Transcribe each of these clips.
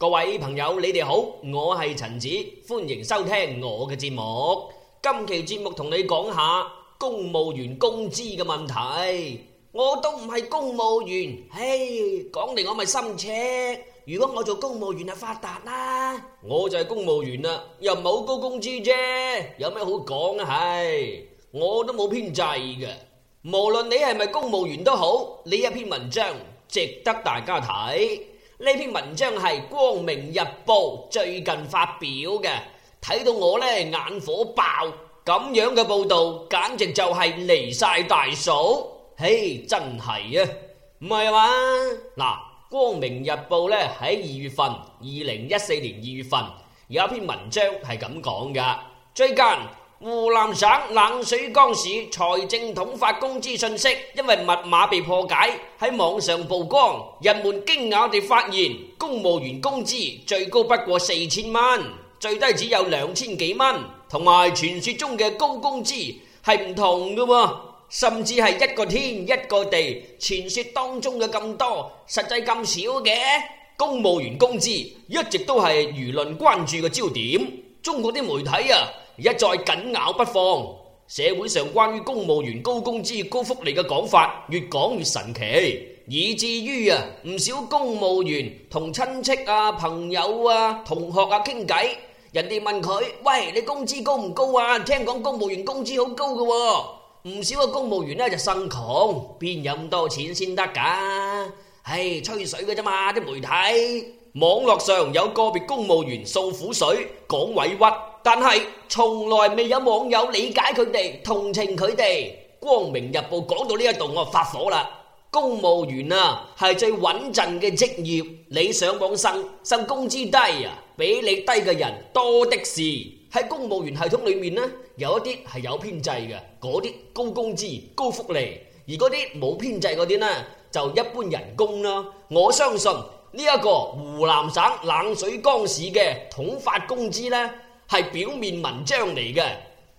各位朋友，你哋好，我係陳子，歡迎收聽我嘅節目。今期節目同你講下公務員工資嘅問題。我都唔係公務員，唉，講嚟我咪心赤。如果我做公務員啊發達啦，我就係公務員啦，又冇高工資啫，有咩好講啊？唉，我都冇編制嘅，無論你係咪公務員都好，呢一篇文章值得大家睇。呢篇文章係《光明日報》最近發表嘅，睇到我咧眼火爆，咁樣嘅報道，簡直就係離曬大數，嘿，真係啊，唔係嘛？嗱，《光明日報》咧喺二月份，二零一四年二月份有一篇文章係咁講㗎，最近。湖南省冷水江市財政統發工資信息，因為密碼被破解喺網上曝光，人們驚訝地發現，公務員工資最高不過四千蚊，最低只有兩千幾蚊，同埋傳說中嘅高工資係唔同㗎，甚至係一個天一個地。傳說當中嘅咁多，實際咁少嘅公務員工資，一直都係輿論關注嘅焦點。中國啲媒體啊，一再緊咬不放，社會上關於公務員高工資、高福利嘅講法越講越神奇，以至於啊唔少公務員同親戚啊、朋友啊、同學啊傾偈，人哋問佢，喂，你工資高唔高啊？聽講公務員工資好高嘅。哦，唔少嘅公務員呢就生窮，邊有咁多錢先得噶？唉、哎，吹水嘅啫嘛，啲媒體，網絡上有個別公務員訴苦水，講委屈。但係從來未有網友理解佢哋、同情佢哋。《光明日報》講到呢一度，我發火啦！公務員啊，係最穩陣嘅職業。你上網生，生工資低啊，比你低嘅人多的是。喺公務員系統裏面呢，有一啲係有編制嘅，嗰啲高工資、高福利；而嗰啲冇編制嗰啲呢，就一般人工啦。我相信呢一個湖南省冷水江市嘅統發工資呢？係表面文章嚟嘅，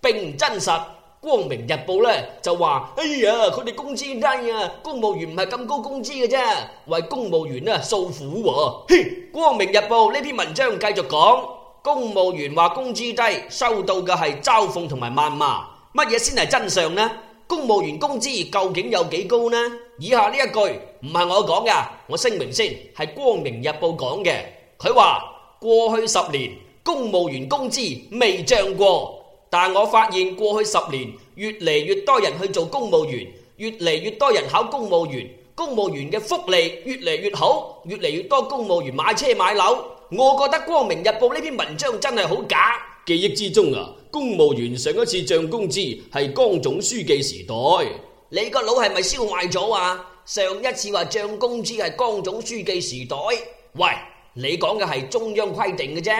並唔真實。光明日報呢就話：哎呀，佢哋工資低啊，公務員唔係咁高工資嘅啫，為公務員啊訴苦。嘿，光明日報呢篇文章繼續講，公務員話工資低，收到嘅係嘲諷同埋謾罵。乜嘢先係真相呢？公務員工資究竟有幾高呢？以下呢一句唔係我講㗎，我聲明先，係光明日報講嘅。佢話過去十年。公務員工資未漲過，但我發現過去十年越嚟越多人去做公務員，越嚟越多人考公務員，公務員嘅福利越嚟越好，越嚟越多公務員買車買樓。我覺得《光明日報》呢篇文章真係好假。記憶之中啊，公務員上一次漲工資係江總書記時代。你個腦係咪燒壞咗啊？上一次話漲工資係江總書記時代。喂，你講嘅係中央規定嘅啫。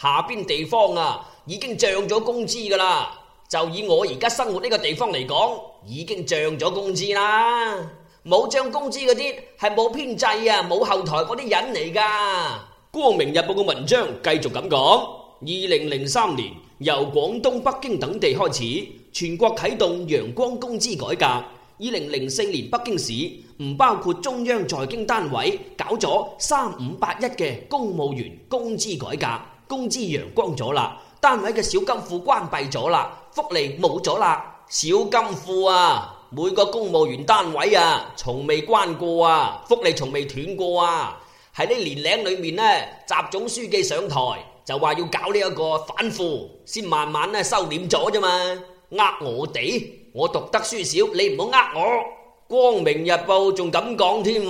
下邊地方啊，已經漲咗工資噶啦。就以我而家生活呢個地方嚟講，已經漲咗工資啦。冇漲工資嗰啲係冇編制啊，冇後台嗰啲人嚟噶。光明日報嘅文章繼續咁講：二零零三年由廣東、北京等地開始全國啟動陽光工資改革。二零零四年北京市唔包括中央在京單位搞咗三五八一嘅公務員工資改革。工資陽光咗啦，單位嘅小金庫關閉咗啦，福利冇咗啦，小金庫啊，每個公務員單位啊，從未關過啊，福利從未斷過啊，喺啲年齡裏面咧，習總書記上台就話要搞呢一個反腐，先慢慢咧收斂咗啫嘛，呃我哋，我讀得書少，你唔好呃我，光明日報仲敢講添，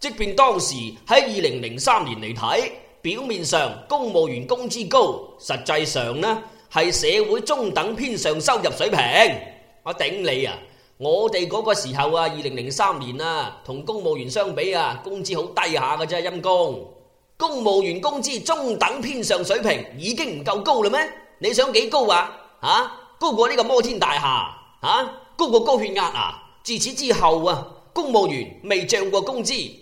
即便當時喺二零零三年嚟睇。表面上公務員工資高，實際上呢係社會中等偏上收入水平。我、啊、頂你啊！我哋嗰個時候啊，二零零三年啊，同公務員相比啊，工資好低下㗎、啊、啫。陰公，公務員工資中等偏上水平已經唔夠高啦咩？你想幾高啊？嚇、啊，高過呢個摩天大廈啊？高過高血壓啊？自此之後啊，公務員未漲過工資。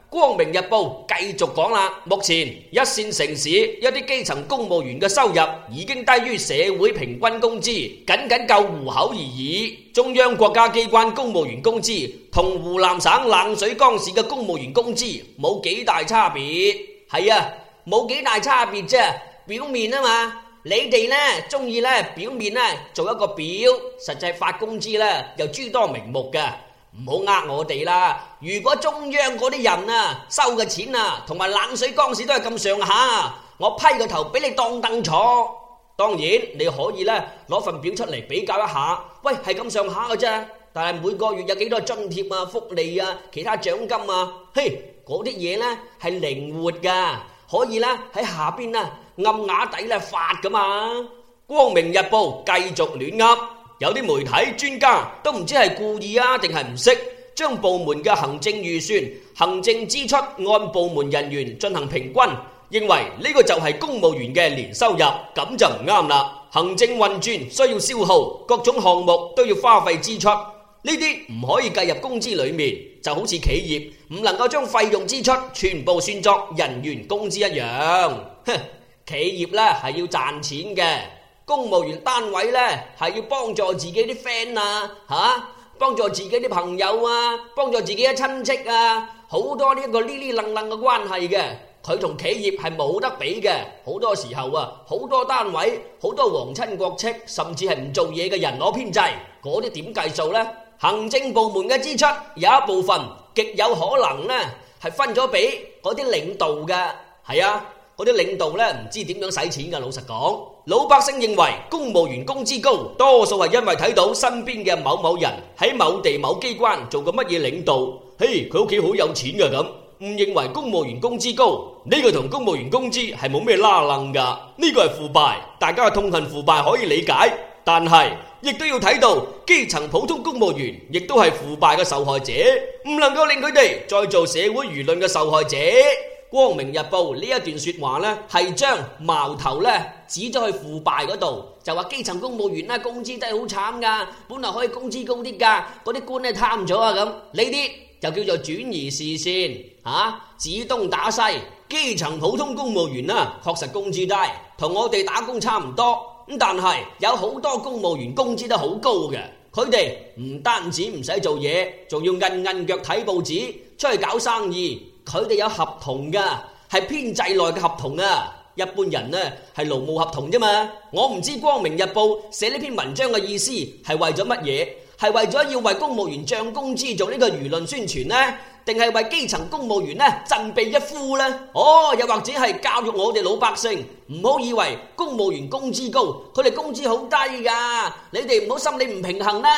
光明日報繼續講啦，目前一線城市一啲基層公務員嘅收入已經低於社會平均工資，僅僅夠糊口而已。中央國家機關公務員工資同湖南省冷水江市嘅公務員工資冇幾大差別，係啊，冇幾大差別啫，表面啊嘛，你哋呢中意呢表面呢做一個表，實際發工資呢又諸多名目嘅。唔好呃我哋啦！如果中央嗰啲人啊收嘅錢啊同埋冷水江市都係咁上下，我批個頭俾你當凳坐。當然你可以咧攞份表出嚟比較一下。喂，係咁上下嘅啫。但係每個月有幾多津貼啊、福利啊、其他獎金啊？嘿，嗰啲嘢咧係靈活噶，可以咧喺下邊啊暗啞底咧發噶嘛。光明日報繼續亂噏。有啲媒體專家都唔知係故意啊定係唔識，將部門嘅行政預算、行政支出按部門人員進行平均，認為呢個就係公務員嘅年收入，咁就唔啱啦。行政運轉需要消耗，各種項目都要花費支出，呢啲唔可以計入工資裏面，就好似企業唔能夠將費用支出全部算作人員工資一樣。哼，企業咧係要賺錢嘅。公務員單位咧係要幫助自己啲 friend 啊吓，幫助自己啲朋友啊，幫助自己嘅親戚啊，好多呢一個呢呢楞楞嘅關係嘅，佢同企業係冇得比嘅。好多時候啊，好多單位，好多皇親國戚，甚至係唔做嘢嘅人攞編制，嗰啲點計數咧？行政部門嘅支出有一部分極有可能咧係分咗俾嗰啲領導嘅，係啊，嗰啲領導咧唔知點樣使錢噶，老實講。老百姓認為公務員工資高，多數係因為睇到身邊嘅某某人喺某地某機關做過乜嘢領導，嘿，佢屋企好有錢噶咁。唔認為公務員工資高，呢個同公務員工資係冇咩拉褦噶。呢個係腐敗，大家嘅痛恨腐敗可以理解，但係亦都要睇到基層普通公務員亦都係腐敗嘅受害者，唔能夠令佢哋再做社會輿論嘅受害者。《光明日報》呢一段説話呢，係將矛頭呢指咗去腐敗嗰度，就話基層公務員啦，工資低好慘噶，本來可以工資高啲噶，嗰啲官呢貪咗啊，咁，呢啲就叫做轉移視線嚇、啊，指東打西。基層普通公務員啦，確實工資低，同我哋打工差唔多，咁但係有好多公務員工資都好高嘅，佢哋唔單止唔使做嘢，仲要印印腳睇報紙，出去搞生意。佢哋有合同噶，係編制內嘅合同啊！一般人啊，係勞務合同啫嘛。我唔知《光明日報》寫呢篇文章嘅意思係為咗乜嘢？係為咗要為公務員漲工資做呢個輿論宣傳呢？定係為基層公務員呢，振臂一呼呢？哦，又或者係教育我哋老百姓唔好以為公務員工資高，佢哋工資好低噶。你哋唔好心理唔平衡啦。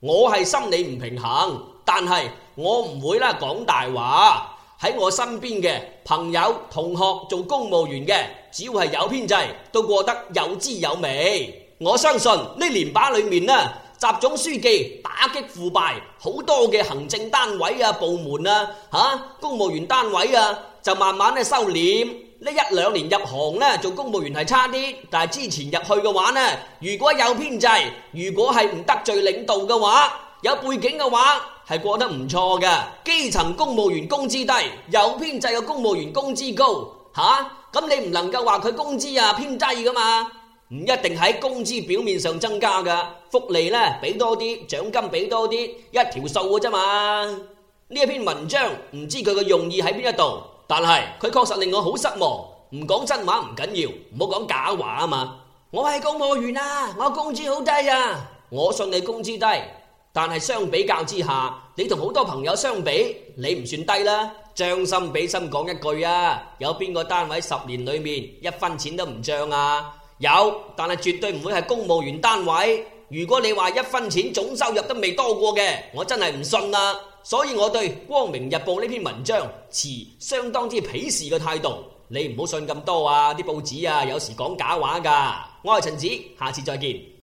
我係心理唔平衡。但係我唔會啦，講大話。喺我身邊嘅朋友、同學做公務員嘅，只要係有編製，都過得有滋有味。我相信呢年把裏面呢，習總書記打擊腐敗，好多嘅行政單位啊、部門啊，吓公務員單位啊，就慢慢哋收斂。呢一兩年入行呢做公務員係差啲，但係之前入去嘅話呢，如果有編製，如果係唔得罪領導嘅話。有背景嘅話係過得唔錯嘅，基層公務員工資低，有編制嘅公務員工資高，吓咁你唔能夠話佢工資啊偏低噶嘛？唔一定喺工資表面上增加噶，福利呢俾多啲，獎金俾多啲，一條數嘅啫嘛。呢一篇文章唔知佢嘅用意喺邊一度，但係佢確實令我好失望。唔講真話唔緊要，唔好講假話啊嘛。我係公務員啊，我工資好低啊，我信你工資低。但係相比較之下，你同好多朋友相比，你唔算低啦。將心比心講一句啊，有邊個單位十年裡面一分錢都唔漲啊？有，但係絕對唔會係公務員單位。如果你話一分錢總收入都未多過嘅，我真係唔信啊！所以我對《光明日報》呢篇文章持相當之鄙視嘅態度。你唔好信咁多啊！啲報紙啊，有時講假話噶。我係陳子，下次再見。